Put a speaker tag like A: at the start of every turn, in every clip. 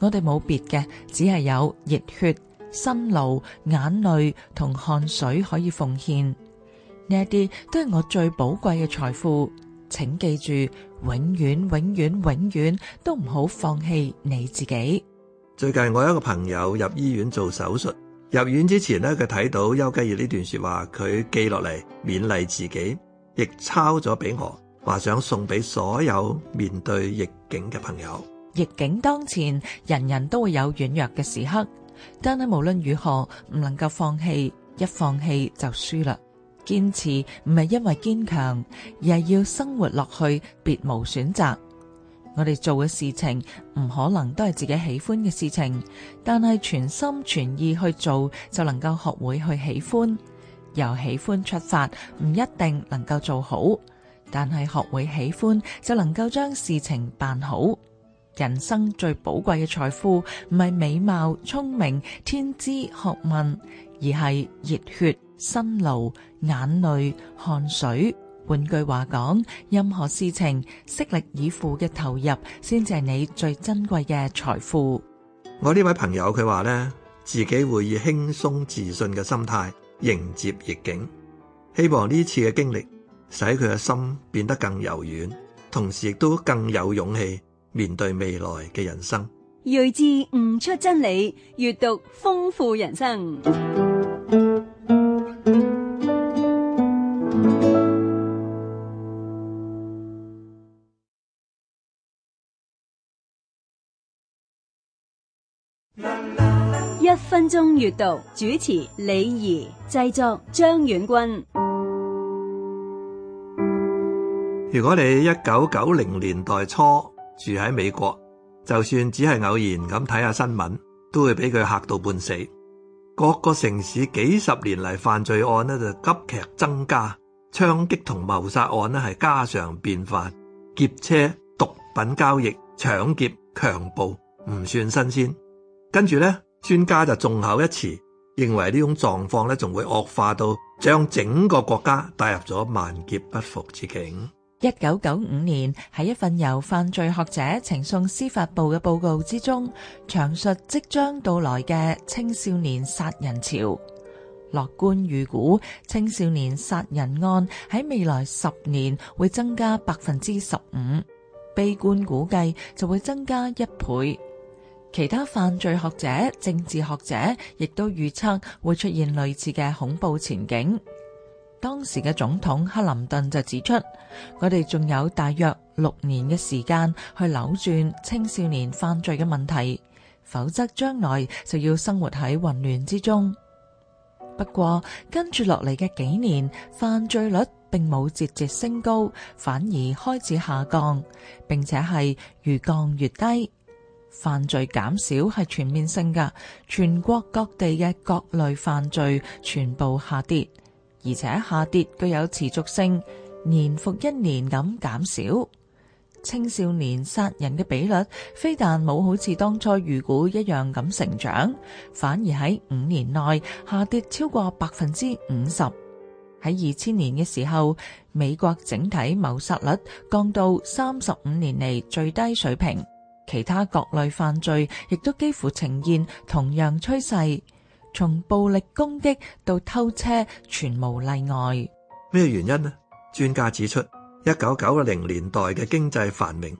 A: 我哋冇別嘅，只係有熱血、辛勞、眼淚同汗水可以奉獻，呢一啲都係我最寶貴嘅財富。請記住，永遠、永遠、永遠都唔好放棄你
B: 自己。最近我有一個朋友入醫院做手術，入院之前咧，佢睇到丘吉爾呢段說話，佢記落嚟勉勵自己，亦抄咗俾我，話想送俾所有面對逆境嘅朋友。
A: 逆境當前，人人都會有軟弱嘅時刻，但係無論如何唔能夠放棄，一放棄就輸啦。堅持唔係因為堅強，而係要生活落去，別無選擇。我哋做嘅事情唔可能都係自己喜歡嘅事情，但係全心全意去做就能夠學會去喜歡。由喜歡出發，唔一定能夠做好，但係學會喜歡就能夠將事情辦好。人生最寶貴嘅財富唔係美貌、聰明、天資、學問，而係熱血、辛勞、眼淚、汗水。換句話講，任何事情，悉力以赴嘅投入，先至係你最珍貴嘅
B: 財富。我呢位朋友佢話呢，自己會以輕鬆自信嘅心態迎接逆境，希望呢次嘅經歷使佢嘅心變得更柔軟，同時亦都更有勇氣。面對未來嘅人生，
C: 睿智悟出真理，閱讀豐富人生。一分鐘閱讀，主持李儀，製作張遠君。
B: 如果你一九九零年代初，住喺美國，就算只係偶然咁睇下新聞，都會俾佢嚇到半死。各個城市幾十年嚟犯罪案呢，就急劇增加，槍擊同謀殺案呢，係家常便飯，劫車、毒品交易、搶劫、強暴唔算新鮮。跟住呢，專家就眾口一詞，認為呢種狀況呢，仲會惡化到將整個國家帶入咗萬劫不復之境。
A: 一九九五年喺一份由犯罪學者呈送司法部嘅報告之中，詳述即將到來嘅青少年殺人潮。樂觀預估，青少年殺人案喺未來十年會增加百分之十五；悲觀估計，就會增加一倍。其他犯罪學者、政治學者亦都預測會出現類似嘅恐怖前景。當時嘅總統克林頓就指出，我哋仲有大約六年嘅時間去扭轉青少年犯罪嘅問題，否則將來就要生活喺混亂之中。不過，跟住落嚟嘅幾年，犯罪率並冇節節升高，反而開始下降，並且係越降越低。犯罪減少係全面性㗎，全國各地嘅各類犯罪全部下跌。而且下跌具有持續性，年復一年咁減少。青少年殺人嘅比率非但冇好似當初預估一樣咁成長，反而喺五年內下跌超過百分之五十。喺二千年嘅時候，美國整體謀殺率降到三十五年嚟最低水平，其他各類犯罪亦都幾乎呈現同樣趨勢。從暴力攻擊到偷車，
B: 全無例外。咩原因呢？專家指出，一九九零年代嘅經濟繁榮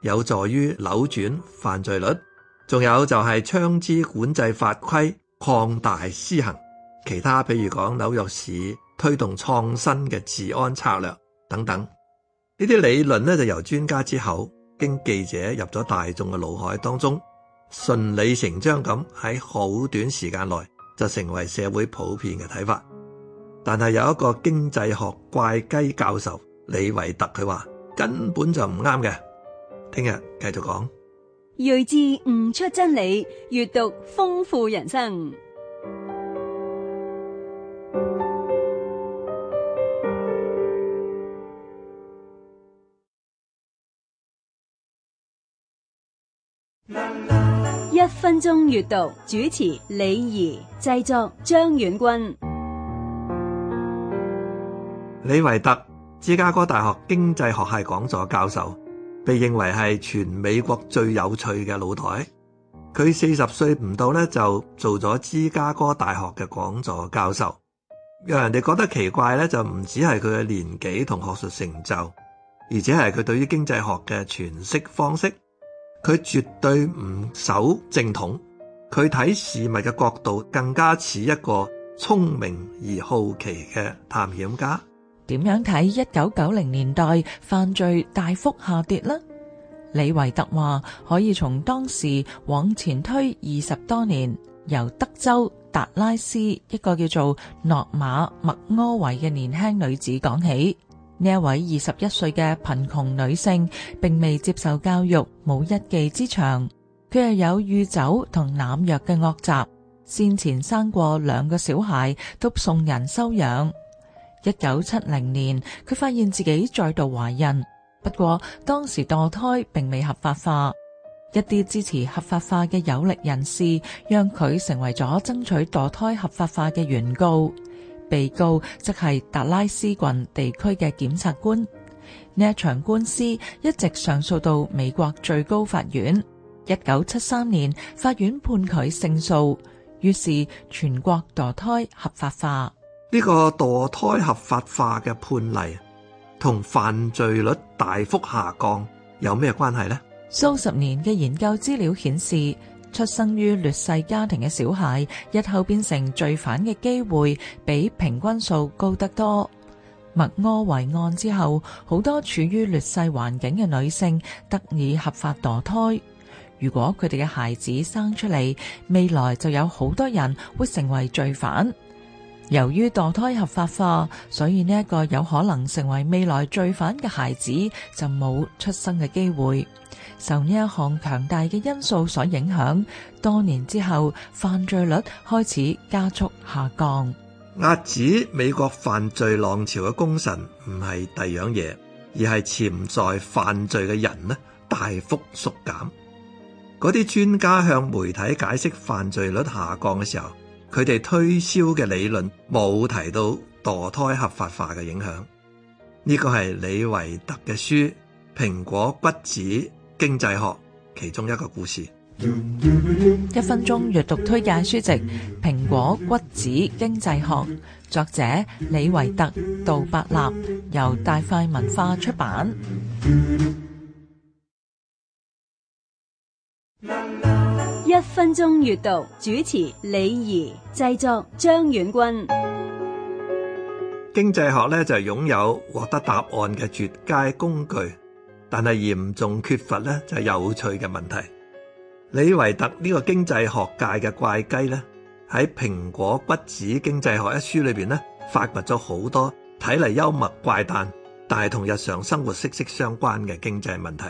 B: 有助於扭轉犯罪率，仲有就係槍支管制法規擴大施行，其他譬如講紐約市推動創新嘅治安策略等等。呢啲理論呢就由專家之後經記者入咗大眾嘅腦海當中，順理成章咁喺好短時間內，就成為社會普遍嘅睇法，但係有一個經濟學怪雞教授李維特佢話根本就唔啱嘅。聽日繼續講。
C: 睿智悟出真理，閱讀豐富人生。分鐘閱讀主持李怡，製作張遠君。
B: 李維特，芝加哥大學經濟學系講座教授，被認為係全美國最有趣嘅老台。佢四十歲唔到咧，就做咗芝加哥大學嘅講座教授。讓人哋覺得奇怪咧，就唔止係佢嘅年紀同學術成就，而且係佢對於經濟學嘅詮釋方式。佢絕對唔守正統，佢睇事物嘅角度更加似一個聰明而好奇嘅探險家。
A: 點樣睇一九九零年代犯罪大幅下跌呢？李維特話，可以從當時往前推二十多年，由德州達拉斯一個叫做諾瑪麥柯維嘅年輕女子講起。呢一位二十一歲嘅貧窮女性，並未接受教育，冇一技之長。佢又有酗酒同濫藥嘅惡習，先前生過兩個小孩都送人收養。一九七零年，佢發現自己再度懷孕，不過當時墮胎並未合法化。一啲支持合法化嘅有力人士，讓佢成為咗爭取墮胎合法化嘅原告。被告則係達拉斯郡地區嘅檢察官。呢一場官司一直上訴到美國最高法院。一九七三年，法院判佢勝訴，於是全國墮胎合
B: 法化。呢個墮胎合法化嘅判例同犯罪率大幅下降有咩關係呢？
A: 數十年嘅研究資料顯示。出生於劣勢家庭嘅小孩，日後變成罪犯嘅機會，比平均數高得多。麥柯維案之後，好多處於劣勢環境嘅女性得以合法墮胎。如果佢哋嘅孩子生出嚟，未來就有好多人會成為罪犯。由於墮胎合法化，所以呢一個有可能成為未來罪犯嘅孩子就冇出生嘅機會。受呢一項強大嘅因素所影響，多年之後犯罪率開始加速下降。
B: 遏止美國犯罪浪潮嘅功臣唔係第二樣嘢，而係潛在犯罪嘅人呢大幅縮減。嗰啲專家向媒體解釋犯罪率下降嘅時候，佢哋推銷嘅理論冇提到墮胎合法化嘅影響，呢、這個係李維特嘅書《蘋果橘子經濟學》其中一個故事。
A: 一分鐘閲讀推介書籍《蘋果橘子經濟學》，作者李維特、杜伯納，由大塊文化出版。
C: 一分鐘閱讀主持李儀，製作張遠軍。
B: 經濟學咧就擁有獲得答案嘅絕佳工具，但係嚴重缺乏咧就係有趣嘅問題。李維特呢個經濟學界嘅怪雞咧喺《蘋果不止經濟學》一書裏邊咧，發掘咗好多睇嚟幽默怪誕，但係同日常生活息息相關嘅經濟問題。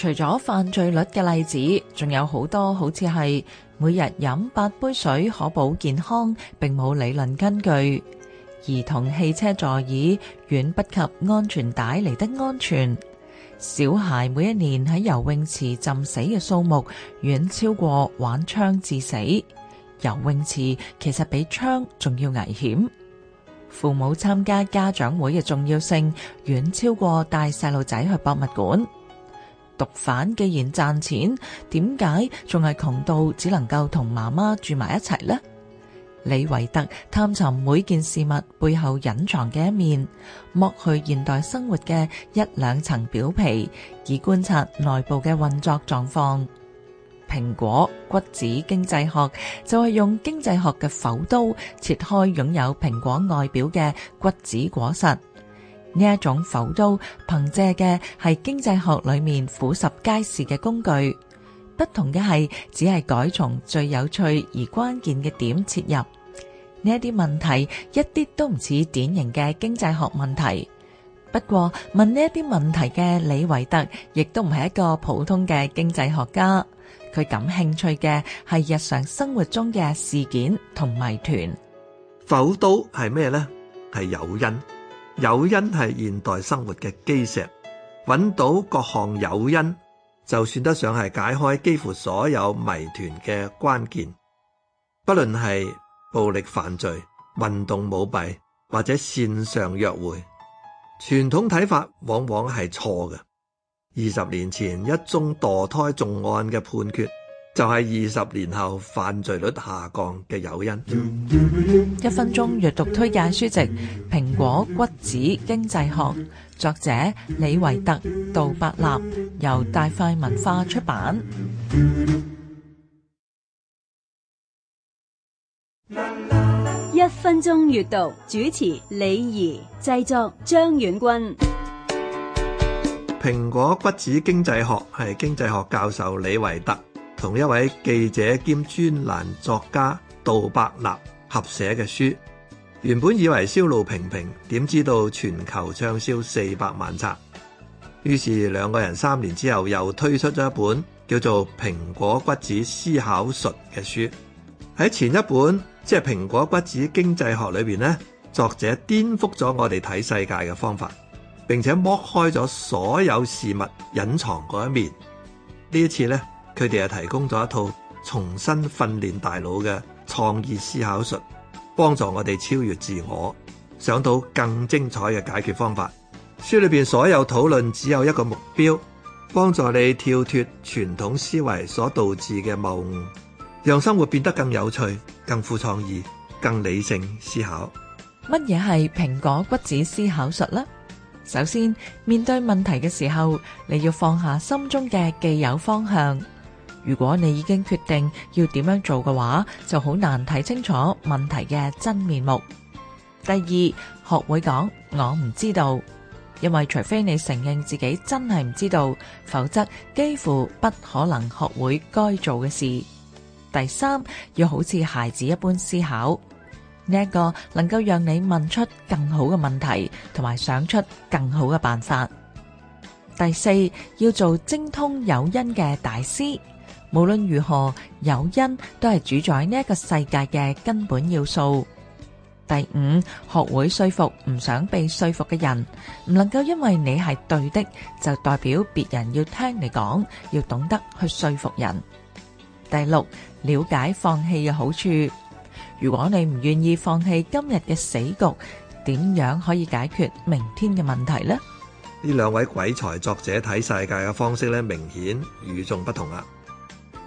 A: 除咗犯罪率嘅例子，仲有好多好似係每日飲八杯水可保健康，並冇理論根據；兒童汽車座椅遠不及安全帶嚟得安全；小孩每一年喺游泳池浸死嘅數目遠超過玩槍致死；游泳池其實比槍仲要危險；父母參加家長會嘅重要性遠超過帶細路仔去博物館。毒販既然賺錢，點解仲係窮到只能夠同媽媽住埋一齊呢？李維特探尋每件事物背後隱藏嘅一面，剝去現代生活嘅一兩層表皮，以觀察內部嘅運作狀況。蘋果骨子經濟學就係用經濟學嘅剖刀切開擁有蘋果外表嘅骨子果實。呢一種否刀，憑借嘅係經濟學裏面俯拾皆是嘅工具，不同嘅係只係改從最有趣而關鍵嘅點切入。呢一啲問題一啲都唔似典型嘅經濟學問題。不過問呢一啲問題嘅李維特，亦都唔係一個普通嘅經濟學家。佢感興趣嘅係日常生活中嘅
B: 事件同謎團。否刀係咩呢？係誘因。誘因係現代生活嘅基石，揾到各項誘因，就算得上係解開幾乎所有謎團嘅關鍵。不論係暴力犯罪、運動舞弊或者線上約會，傳統睇法往往係錯嘅。二十年前一宗墮胎重案嘅判決。就係二十年後犯罪率下降嘅誘因。
A: 一分鐘閱讀推介書籍《蘋果橘子經濟學》，作者李維特、杜伯納，由大塊文化出版。一分
C: 鐘閱讀主持李儀，製作張遠軍。
B: 《蘋果橘子經濟學》係經濟學教授李維特。同一位記者兼專欄作家杜伯納合寫嘅書，原本以為銷路平平，點知道全球暢銷四百萬冊。於是兩個人三年之後又推出咗一本叫做《蘋果骨子思考術》嘅書。喺前一本即係《蘋果骨子經濟學》裏邊咧，作者顛覆咗我哋睇世界嘅方法，並且剝開咗所有事物隱藏嗰一面。呢一次咧。佢哋係提供咗一套重新訓練大腦嘅創意思考術，幫助我哋超越自我，想到更精彩嘅解決方法。書裏邊所有討論只有一個目標，幫助你跳脫傳統思維所導致嘅謬誤，讓生活變得更有趣、更富創意、更理性思考。
A: 乜嘢係蘋果骨子思考術呢？首先，面對問題嘅時候，你要放下心中嘅既有方向。如果你已經決定要點樣做嘅話，就好難睇清楚問題嘅真面目。第二，學會講我唔知道，因為除非你承認自己真係唔知道，否則幾乎不可能學會該做嘅事。第三，要好似孩子一般思考，呢一個能夠讓你問出更好嘅問題，同埋想出更好嘅辦法。第四，要做精通誘因嘅大師。無論如何，誘因都係主宰呢一個世界嘅根本要素。第五，學會說服唔想被說服嘅人，唔能夠因為你係對的就代表別人要聽你講，要懂得去說服人。第六，了解放棄嘅好處。如果你唔願意放棄今日嘅死局，點樣可以解決明天嘅問題呢？
B: 呢兩位鬼才作者睇世界嘅方式咧，明顯與眾不同啊！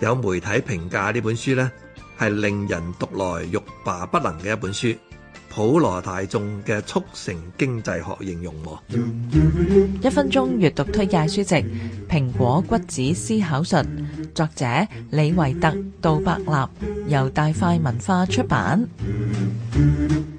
B: 有媒體評價呢本書呢係令人讀來欲罷不能嘅一本書，《普羅大眾嘅速成經濟學應用》。一
A: 分鐘閱讀推介書籍《蘋果骨子思考術》，作者李維特杜伯納，由大塊文化出版。